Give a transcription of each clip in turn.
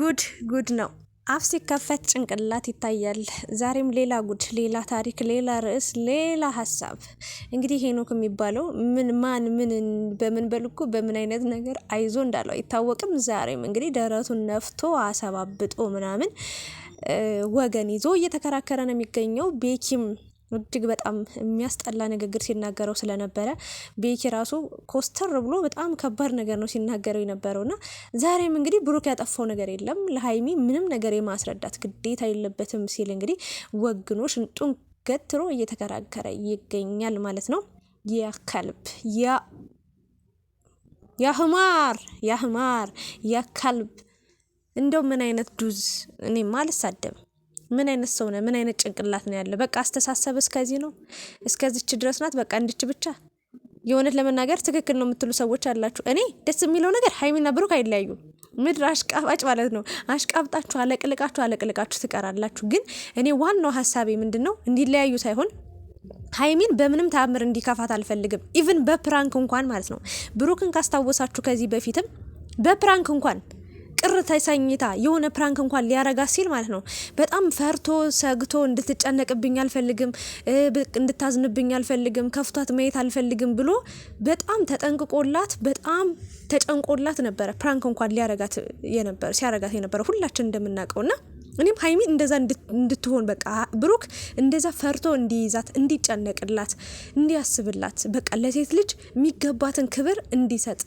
ጉድ ጉድ ነው። አፍ ሲከፈት ጭንቅላት ይታያል። ዛሬም ሌላ ጉድ፣ ሌላ ታሪክ፣ ሌላ ርዕስ፣ ሌላ ሀሳብ። እንግዲህ ሄኖክ የሚባለው ምን ማን ምን በምን በልኩ በምን አይነት ነገር አይዞ እንዳለው አይታወቅም። ዛሬም እንግዲህ ደረቱን ነፍቶ አሰባብጦ ምናምን ወገን ይዞ እየተከራከረ ነው የሚገኘው ቤኪም እጅግ በጣም የሚያስጠላ ንግግር ሲናገረው ስለነበረ ቤኪ ራሱ ኮስተር ብሎ በጣም ከባድ ነገር ነው ሲናገረው የነበረው እና ዛሬም እንግዲህ ብሩክ ያጠፋው ነገር የለም ለሀይሚ ምንም ነገር የማስረዳት ግዴታ የለበትም ሲል እንግዲህ ወግኖ ሽንጡን ገትሮ እየተከራከረ ይገኛል ማለት ነው። ያ ከልብ ያ ህማር ያ ከልብ እንደው ምን አይነት ዱዝ እኔማ አልሳደብም። ምን አይነት ሰው ነህ? ምን አይነት ጭንቅላት ነው ያለ? በቃ አስተሳሰብ እስከዚህ ነው፣ እስከዚች ድረስ ናት፣ በቃ እንድች ብቻ። የእውነት ለመናገር ትክክል ነው የምትሉ ሰዎች አላችሁ። እኔ ደስ የሚለው ነገር ሀይሚና ብሩክ አይለያዩ ምድር አሽቃባጭ ማለት ነው። አሽቃብጣችሁ አለቅልቃችሁ አለቅልቃችሁ ትቀራላችሁ። ግን እኔ ዋናው ሀሳቤ ምንድን ነው እንዲለያዩ ሳይሆን ሀይሚን በምንም ተአምር እንዲከፋት አልፈልግም። ኢቭን በፕራንክ እንኳን ማለት ነው ብሩክን ካስታወሳችሁ ከዚህ በፊትም በፕራንክ እንኳን ቅር ተሰኝታ የሆነ ፕራንክ እንኳን ሊያረጋ ሲል ማለት ነው በጣም ፈርቶ ሰግቶ እንድትጨነቅብኝ አልፈልግም፣ እንድታዝንብኝ አልፈልግም፣ ከፍቷት ማየት አልፈልግም ብሎ በጣም ተጠንቅቆላት በጣም ተጨንቆላት ነበረ ፕራንክ እንኳን ሊያረጋት የነበረ ሲያረጋት የነበረ ሁላችን እንደምናውቀውና እኔም ሀይሚ እንደዛ እንድትሆን በቃ ብሩክ እንደዛ ፈርቶ እንዲይዛት እንዲጨነቅላት እንዲያስብላት በቃ ለሴት ልጅ የሚገባትን ክብር እንዲሰጥ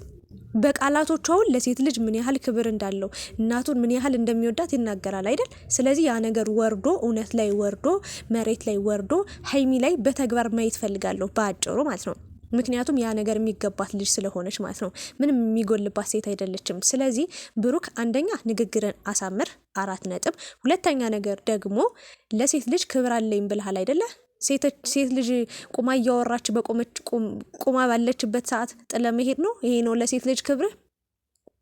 በቃላቶቹ አሁን ለሴት ልጅ ምን ያህል ክብር እንዳለው እናቱን ምን ያህል እንደሚወዳት ይናገራል አይደል? ስለዚህ ያ ነገር ወርዶ እውነት ላይ ወርዶ መሬት ላይ ወርዶ ሀይሚ ላይ በተግባር ማየት ፈልጋለሁ በአጭሩ ማለት ነው። ምክንያቱም ያ ነገር የሚገባት ልጅ ስለሆነች ማለት ነው። ምንም የሚጎልባት ሴት አይደለችም። ስለዚህ ብሩክ አንደኛ ንግግርን አሳምር አራት ነጥብ። ሁለተኛ ነገር ደግሞ ለሴት ልጅ ክብር አለኝ ብልሃል አይደለ? ሴት ልጅ ቁማ እያወራች በቆመች ቁማ ባለችበት ሰዓት ጥለ መሄድ ነው። ይሄ ነው ለሴት ልጅ ክብር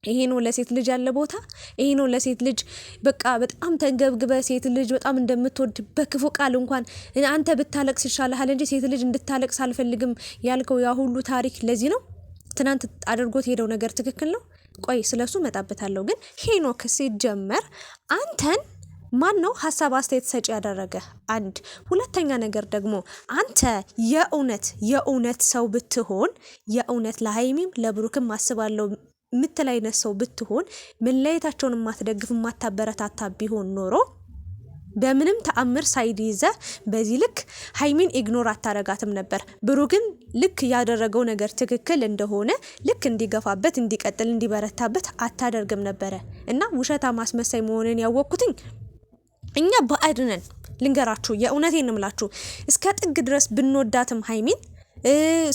ይሄ ነው ለሴት ልጅ ያለ ቦታ? ይሄ ነው ለሴት ልጅ በቃ በጣም ተንገብግበ ሴት ልጅ በጣም እንደምትወድ በክፉ ቃል እንኳን አንተ ብታለቅስ ይሻልሃል እንጂ ሴት ልጅ እንድታለቅስ አልፈልግም ያልከው ያ ሁሉ ታሪክ ለዚህ ነው? ትናንት አድርጎት ሄደው ነገር ትክክል ነው? ቆይ ስለሱ መጣበታለሁ። ግን ሄኖክ ሲጀመር አንተን ማን ነው ሀሳብ አስተያየት ሰጪ ያደረገ? አንድ ሁለተኛ ነገር ደግሞ አንተ የእውነት የእውነት ሰው ብትሆን የእውነት ለሀይሚም ለብሩክም አስባለው ምትል አይነት ሰው ብትሆን መለየታቸውን የማትደግፍ የማታበረታታ ቢሆን ኖሮ በምንም ተአምር ሳይድ ይዘ በዚህ ልክ ሀይሚን ኢግኖር አታረጋትም ነበር። ብሩክን ልክ ያደረገው ነገር ትክክል እንደሆነ ልክ እንዲገፋበት፣ እንዲቀጥል፣ እንዲበረታበት አታደርግም ነበረ እና ውሸታ ማስመሳይ መሆንን ያወቅኩትኝ እኛ ባዕድ ነን ልንገራችሁ፣ የእውነቴን እምላችሁ እስከ ጥግ ድረስ ብንወዳትም ሀይሚን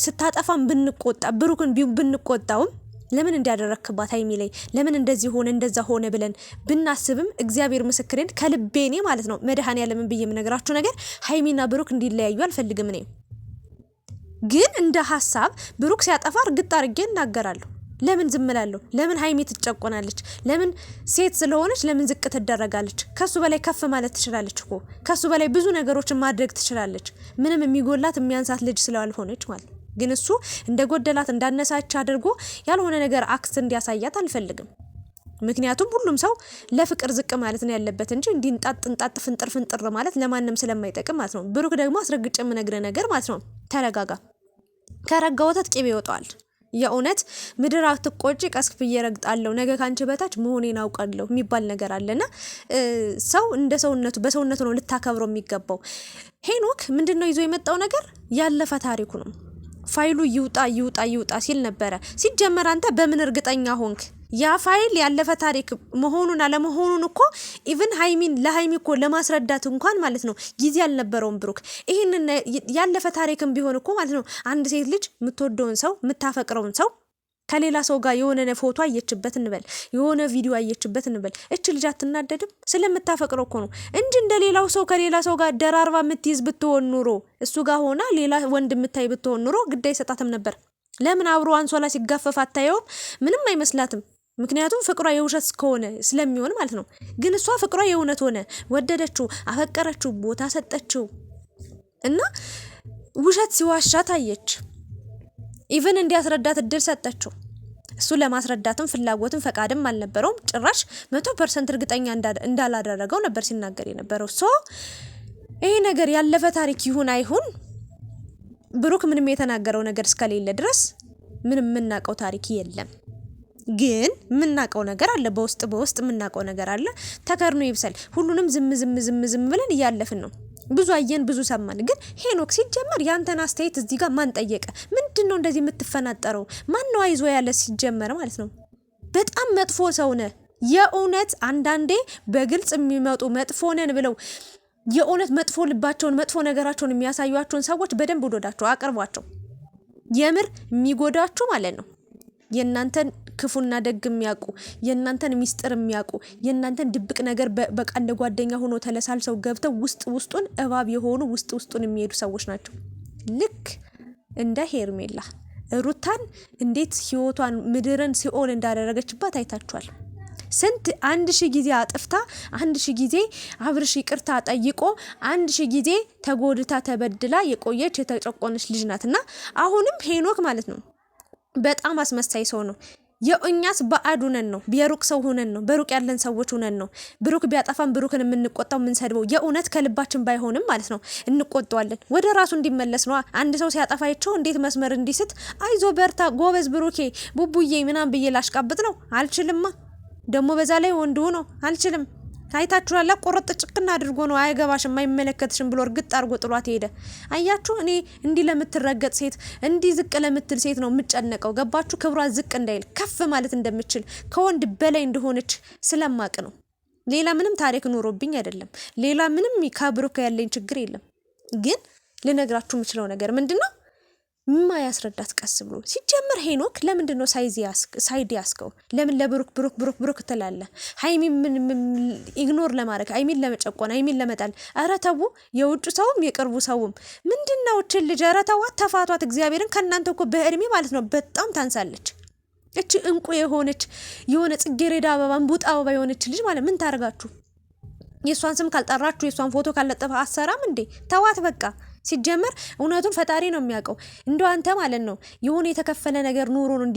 ስታጠፋም ብንቆጣ ብሩክን ብንቆጣውም ለምን እንዲያደረክባት ሀይሚ ላይ ለምን እንደዚህ ሆነ እንደዛ ሆነ ብለን ብናስብም እግዚአብሔር ምስክሬን ከልቤኔ ማለት ነው ያለምን ብዬ የምነግራችሁ ነገር ሀይሚና ብሩክ እንዲለያዩ አልፈልግም። እኔ ግን እንደ ሀሳብ ብሩክ ሲያጠፋ እርግጥ አድርጌ እናገራለሁ ለምን ዝም እላለሁ? ለምን ሀይሚ ትጨቆናለች? ለምን ሴት ስለሆነች ለምን ዝቅ ትደረጋለች? ከሱ በላይ ከፍ ማለት ትችላለች እኮ ከሱ በላይ ብዙ ነገሮችን ማድረግ ትችላለች። ምንም የሚጎላት የሚያንሳት ልጅ ስላልሆነች ማለት ግን እሱ እንደ ጎደላት እንዳነሳች አድርጎ ያልሆነ ነገር አክስ እንዲያሳያት አልፈልግም። ምክንያቱም ሁሉም ሰው ለፍቅር ዝቅ ማለት ነው ያለበት እንጂ እንዲንጣጥ እንጣጥ ፍንጥር ፍንጥር ማለት ለማንም ስለማይጠቅም ማለት ነው። ብሩክ ደግሞ አስረግጬ የምነግረ ነገር ማለት ነው፣ ተረጋጋ። ከረጋ ወተት ቂቤ ይወጣዋል። የእውነት ምድር አትቆጭ ቀስፍ እየረግጣለሁ ነገ ካንቺ በታች መሆኔን አውቃለሁ የሚባል ነገር አለና ሰው እንደ ሰውነቱ በሰውነቱ ነው ልታከብረው የሚገባው። ሄኖክ ምንድን ነው ይዞ የመጣው ነገር ያለፈ ታሪኩ ነው። ፋይሉ ይውጣ ይውጣ ይውጣ ሲል ነበረ። ሲጀመር አንተ በምን እርግጠኛ ሆንክ? ያ ፋይል ያለፈ ታሪክ መሆኑን አለመሆኑን እኮ ኢቭን ሀይሚን ለሀይሚ እኮ ለማስረዳት እንኳን ማለት ነው ጊዜ አልነበረውም ብሩክ። ይህንን ያለፈ ታሪክም ቢሆን እኮ ማለት ነው አንድ ሴት ልጅ የምትወደውን ሰው የምታፈቅረውን ሰው ከሌላ ሰው ጋር የሆነ ፎቶ አየችበት እንበል፣ የሆነ ቪዲዮ አየችበት እንበል፣ እች ልጅ አትናደድም? ስለምታፈቅረው እኮ ነው እንጂ እንደ ሌላው ሰው ከሌላ ሰው ጋር ደራርባ የምትይዝ ብትሆን ኑሮ እሱ ጋር ሆና ሌላ ወንድ የምታይ ብትሆን ኑሮ ግዳይ ሰጣትም ነበር። ለምን አብሮ አንሶላ ሲጋፈፍ አታየውም? ምንም አይመስላትም። ምክንያቱም ፍቅሯ የውሸት ከሆነ ስለሚሆን ማለት ነው። ግን እሷ ፍቅሯ የእውነት ሆነ፣ ወደደችው፣ አፈቀረችው፣ ቦታ ሰጠችው እና ውሸት ሲዋሻ ታየች። ኢቨን እንዲያስረዳት እድል ሰጠችው። እሱ ለማስረዳትም ፍላጎትም ፈቃድም አልነበረውም። ጭራሽ መቶ ፐርሰንት እርግጠኛ እንዳላደረገው ነበር ሲናገር የነበረው። ሶ ይሄ ነገር ያለፈ ታሪክ ይሁን አይሁን ብሩክ ምንም የተናገረው ነገር እስከሌለ ድረስ ምንም የምናውቀው ታሪክ የለም። ግን የምናውቀው ነገር አለ፣ በውስጥ በውስጥ የምናውቀው ነገር አለ። ተከርኖ ይብሳል። ሁሉንም ዝም ዝም ዝም ዝም ብለን እያለፍን ነው። ብዙ አየን፣ ብዙ ሰማን። ግን ሄኖክ ሲጀመር ያንተን አስተያየት እዚህ ጋር ማን ጠየቀ? ምንድን ነው እንደዚህ የምትፈናጠረው? ማን ነው አይዞ ያለ? ሲጀመር ማለት ነው በጣም መጥፎ ሰው ነ የእውነት አንዳንዴ በግልጽ የሚመጡ መጥፎ ነን ብለው የእውነት መጥፎ ልባቸውን መጥፎ ነገራቸውን የሚያሳዩቸውን ሰዎች በደንብ ወዶዳቸው አቅርቧቸው። የምር የሚጎዳችሁ ማለት ነው የእናንተን ክፉና ደግ የሚያውቁ የእናንተን ሚስጥር የሚያውቁ የእናንተን ድብቅ ነገር በቃ እንደ ጓደኛ ሆኖ ተለሳልሰው ገብተው ውስጥ ውስጡን እባብ የሆኑ ውስጥ ውስጡን የሚሄዱ ሰዎች ናቸው። ልክ እንደ ሄርሜላ ሩታን እንዴት ህይወቷን ምድርን ሲኦል እንዳደረገችባት አይታችኋል። ስንት አንድ ሺህ ጊዜ አጥፍታ አንድ ሺህ ጊዜ አብርሽ ይቅርታ ጠይቆ አንድ ሺህ ጊዜ ተጎድታ ተበድላ የቆየች የተጨቆነች ልጅ ናት እና አሁንም ሄኖክ ማለት ነው በጣም አስመሳይ ሰው ነው። የእኛስ ባዕድ ሁነን ነው፣ የሩቅ ሰው ሁነን ነው፣ በሩቅ ያለን ሰዎች ሁነን ነው። ብሩክ ቢያጠፋም ብሩክን የምንቆጣው የምንሰድበው የእውነት ከልባችን ባይሆንም ማለት ነው እንቆጣዋለን። ወደ ራሱ እንዲመለስ ነው። አንድ ሰው ሲያጠፋ እንዴት መስመር እንዲስት አይዞ በርታ ጎበዝ ብሩኬ ቡቡዬ ምናምን ብዬ ላሽቃብጥ ነው አልችልማ። ደግሞ በዛ ላይ ወንድ ነው አልችልም ታይታችኋላ። ቆረጥ ጭቅና አድርጎ ነው አይገባሽ የማይመለከትሽም ብሎ እርግጥ አድርጎ ጥሏት ሄደ። አያችሁ፣ እኔ እንዲህ ለምትረገጥ ሴት፣ እንዲህ ዝቅ ለምትል ሴት ነው የምጨነቀው። ገባችሁ? ክብሯ ዝቅ እንዳይል ከፍ ማለት እንደምችል ከወንድ በላይ እንደሆነች ስለማቅ ነው። ሌላ ምንም ታሪክ ኖሮብኝ አይደለም። ሌላ ምንም ከብሩክ ያለኝ ችግር የለም። ግን ልነግራችሁ የምችለው ነገር ምንድን ነው ማያስረዳት ቀስ ብሎ ሲጀምር ሄኖክ ለምንድን ነው ሳይድ ያስከው? ለምን ለብሩክ ብሩክ ብሩክ ብሩክ ትላለ? ሀይሚን ኢግኖር ለማድረግ ሀይሚን ለመጨቆን ሀይሚን ለመጣል። ኧረ ተው፣ የውጭ ሰውም የቅርቡ ሰውም ምንድን ነው እችን ልጅ ኧረ ተዋት፣ ተፋቷት። እግዚአብሔርን ከእናንተ እኮ በእድሜ ማለት ነው በጣም ታንሳለች። እች እንቁ የሆነች የሆነ ጽጌሬዳ አበባ እምቡጥ አበባ የሆነች ልጅ ማለት ምን ታደርጋችሁ? የእሷን ስም ካልጠራችሁ የእሷን ፎቶ ካልለጠፈ አሰራም እንዴ? ተዋት በቃ። ሲጀመር እውነቱን ፈጣሪ ነው የሚያውቀው። እንደ አንተ ማለት ነው የሆነ የተከፈለ ነገር ኑሮን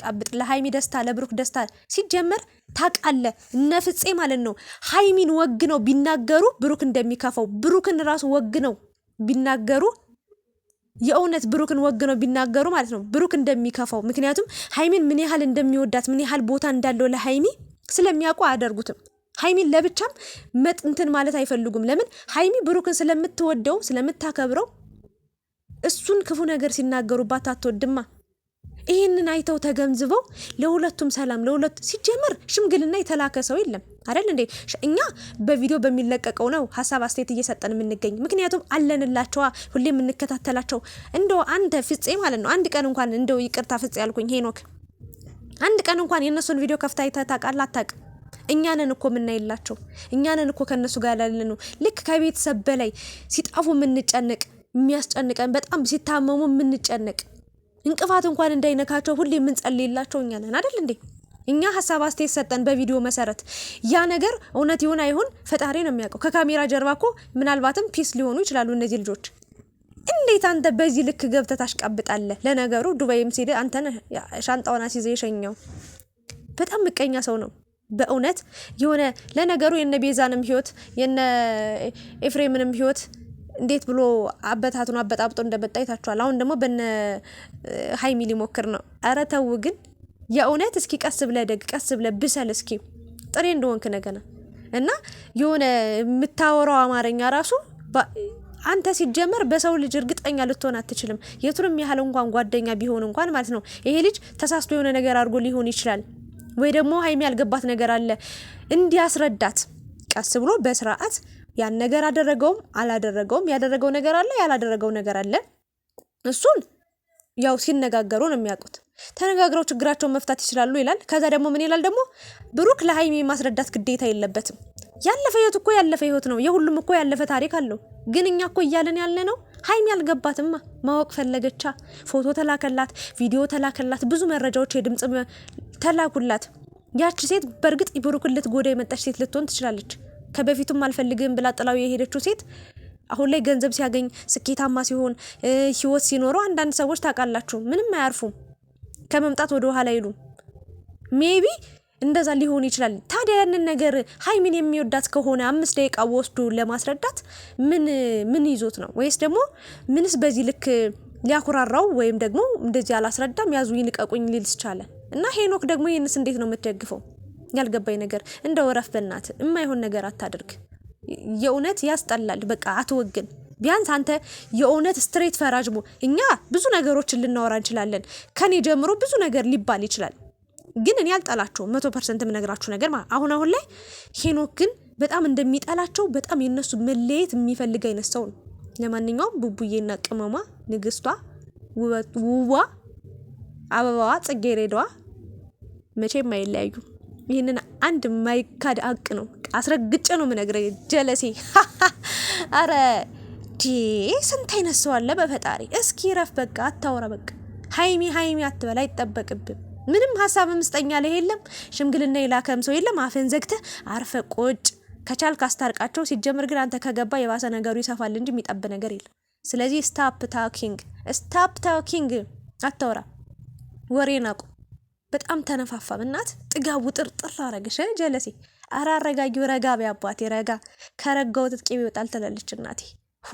ቃብጥ ለሀይሚ ደስታ ለብሩክ ደስታ ሲጀመር ታቃለ እነ ፍፄ ማለት ነው ሀይሚን ወግ ነው ቢናገሩ ብሩክ እንደሚከፋው ብሩክን ራሱ ወግ ነው ቢናገሩ የእውነት ብሩክን ወግ ነው ቢናገሩ ማለት ነው ብሩክ እንደሚከፋው። ምክንያቱም ሀይሚን ምን ያህል እንደሚወዳት ምን ያህል ቦታ እንዳለው ለሀይሚ ስለሚያውቁ አያደርጉትም። ሀይሚን ለብቻም መጥንትን ማለት አይፈልጉም። ለምን ሀይሚ ብሩክን ስለምትወደው ስለምታከብረው እሱን ክፉ ነገር ሲናገሩባት አትወድማ። ይህንን አይተው ተገንዝበው ለሁለቱም ሰላም ለሁለቱ ሲጀመር ሽምግልና የተላከ ሰው የለም አይደል እንዴ? እኛ በቪዲዮ በሚለቀቀው ነው ሀሳብ አስተያየት እየሰጠን የምንገኝ። ምክንያቱም አለንላቸዋ ሁሌ የምንከታተላቸው። እንደው አንተ ፍፄ ማለት ነው አንድ ቀን እንኳን እንደው ይቅርታ ፍፄ ያልኩኝ ሄኖክ፣ አንድ ቀን እንኳን የእነሱን ቪዲዮ ከፍታ አይተህ ታውቃለህ? አታውቅም እኛንን እኮ የምናይላቸው እኛንን እኮ ከእነሱ ጋር ያለን ነው። ልክ ከቤተሰብ በላይ ሲጠፉ የምንጨነቅ የሚያስጨንቀን በጣም ሲታመሙ የምንጨነቅ እንቅፋት እንኳን እንዳይነካቸው ሁሌ የምንጸልይላቸው እኛንን አይደል እንዴ? እኛ ሀሳብ አስተያየት ሰጠን በቪዲዮ መሰረት ያ ነገር እውነት ይሁን አይሁን ፈጣሪ ነው የሚያውቀው። ከካሜራ ጀርባ እኮ ምናልባትም ፒስ ሊሆኑ ይችላሉ እነዚህ ልጆች። እንዴት አንተ በዚህ ልክ ገብተህ ታሽቃብጣለህ? ለነገሩ ዱባይም ሲል አንተን ሻንጣውን አስይዘህ የሸኘው በጣም ምቀኛ ሰው ነው። በእውነት የሆነ ለነገሩ የነ ቤዛንም ህይወት የነ ኤፍሬምንም ህይወት እንዴት ብሎ አበታቱን አበጣብጦ እንደመጣ ይታችኋል። አሁን ደግሞ በነ ሀይሚ ሊሞክር ነው። ኧረ ተው ግን የእውነት እስኪ ቀስ ብለ ደግ ቀስ ብለ ብሰል እስኪ ጥሬ እንደሆንክ ነገና እና የሆነ የምታወራው አማርኛ ራሱ አንተ ሲጀመር በሰው ልጅ እርግጠኛ ልትሆን አትችልም። የቱንም ያህል እንኳን ጓደኛ ቢሆን እንኳን ማለት ነው ይሄ ልጅ ተሳስቶ የሆነ ነገር አድርጎ ሊሆን ይችላል። ወይ ደግሞ ሀይሚ ያልገባት ነገር አለ እንዲያስረዳት ቀስ ብሎ በስርዓት ያን ነገር አደረገውም አላደረገውም፣ ያደረገው ነገር አለ ያላደረገው ነገር አለ። እሱን ያው ሲነጋገሩ ነው የሚያውቁት። ተነጋግረው ችግራቸውን መፍታት ይችላሉ ይላል። ከዛ ደግሞ ምን ይላል ደግሞ ብሩክ ለሀይሚ ማስረዳት ግዴታ የለበትም። ያለፈ ህይወት እኮ ያለፈ ህይወት ነው። የሁሉም እኮ ያለፈ ታሪክ አለው። ግን እኛ እኮ እያለን ያለ ነው ሀይሚ ያልገባትማ ማወቅ ፈለገቻ። ፎቶ ተላከላት፣ ቪዲዮ ተላከላት፣ ብዙ መረጃዎች የድምፅ ተላኩላት። ያች ሴት በእርግጥ ብሩክን ልትጎዳ የመጣች ሴት ልትሆን ትችላለች። ከበፊቱም አልፈልግም ብላ ጥላው የሄደችው ሴት አሁን ላይ ገንዘብ ሲያገኝ ስኬታማ ሲሆን ህይወት ሲኖረው አንዳንድ ሰዎች ታውቃላችሁ፣ ምንም አያርፉም፣ ከመምጣት ወደ ኋላ አይሉም። ሜቢ እንደዛ ሊሆን ይችላል። ታዲያ ያንን ነገር ሀይሚን የሚወዳት ከሆነ አምስት ደቂቃ ወስዶ ለማስረዳት ምን ምን ይዞት ነው? ወይስ ደግሞ ምንስ በዚህ ልክ ሊያኩራራው ወይም ደግሞ እንደዚህ አላስረዳም ያዙ ይልቀቁኝ ሊልስ እና ሄኖክ ደግሞ ይህንስ እንዴት ነው የምትደግፈው? ያልገባኝ ነገር እንደ ወረፍ በናት የማይሆን ነገር አታድርግ። የእውነት ያስጠላል። በቃ አትወግን። ቢያንስ አንተ የእውነት ስትሬት ፈራጅ ሞ እኛ ብዙ ነገሮችን ልናወራ እንችላለን። ከኔ ጀምሮ ብዙ ነገር ሊባል ይችላል። ግን እኔ አልጠላቸውም። መቶ ፐርሰንት የምነግራችሁ ነገር አሁን አሁን ላይ ሄኖክ ግን በጣም እንደሚጠላቸው በጣም የነሱ መለየት የሚፈልግ አይነት ሰው ነው። ለማንኛውም ቡቡዬና ቅመሟ ንግስቷ ውዋ አበባዋ ጽጌረዳዋ መቼም አይለያዩ። ይህንን አንድ ማይካድ አቅ ነው። አስረግጬ ነው ምነግረ ጀለሴ አረ ዲ ስንት አይነት ሰው አለ በፈጣሪ። እስኪ ረፍ በቃ አታውራ በቃ ሀይሚ ሀይሚ አትበላ አይጠበቅብም። ምንም ሀሳብ ምስጠኛ ላይ የለም። ሽምግልና የላከም ሰው የለም። አፍን ዘግተ አርፈ ቆጭ። ከቻልክ አስታርቃቸው። ሲጀምር ግን አንተ ከገባ የባሰ ነገሩ ይሰፋል እንጂ የሚጠብ ነገር የለም። ስለዚህ ስታፕ ታኪንግ ስታፕ ታኪንግ አታውራ። ወሬ ናቁ። በጣም ተነፋፋ እናት ጥጋቡ ጥርጥር አረግሽ ጀለሴ። አረ አረጋጊው፣ ረጋ ቢያባቴ ረጋ ከረጋው ወተት ይወጣል ትላለች እናቴ። ሆ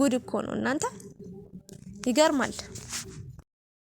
ጉድ እኮ ነው እናንተ ይገርማል።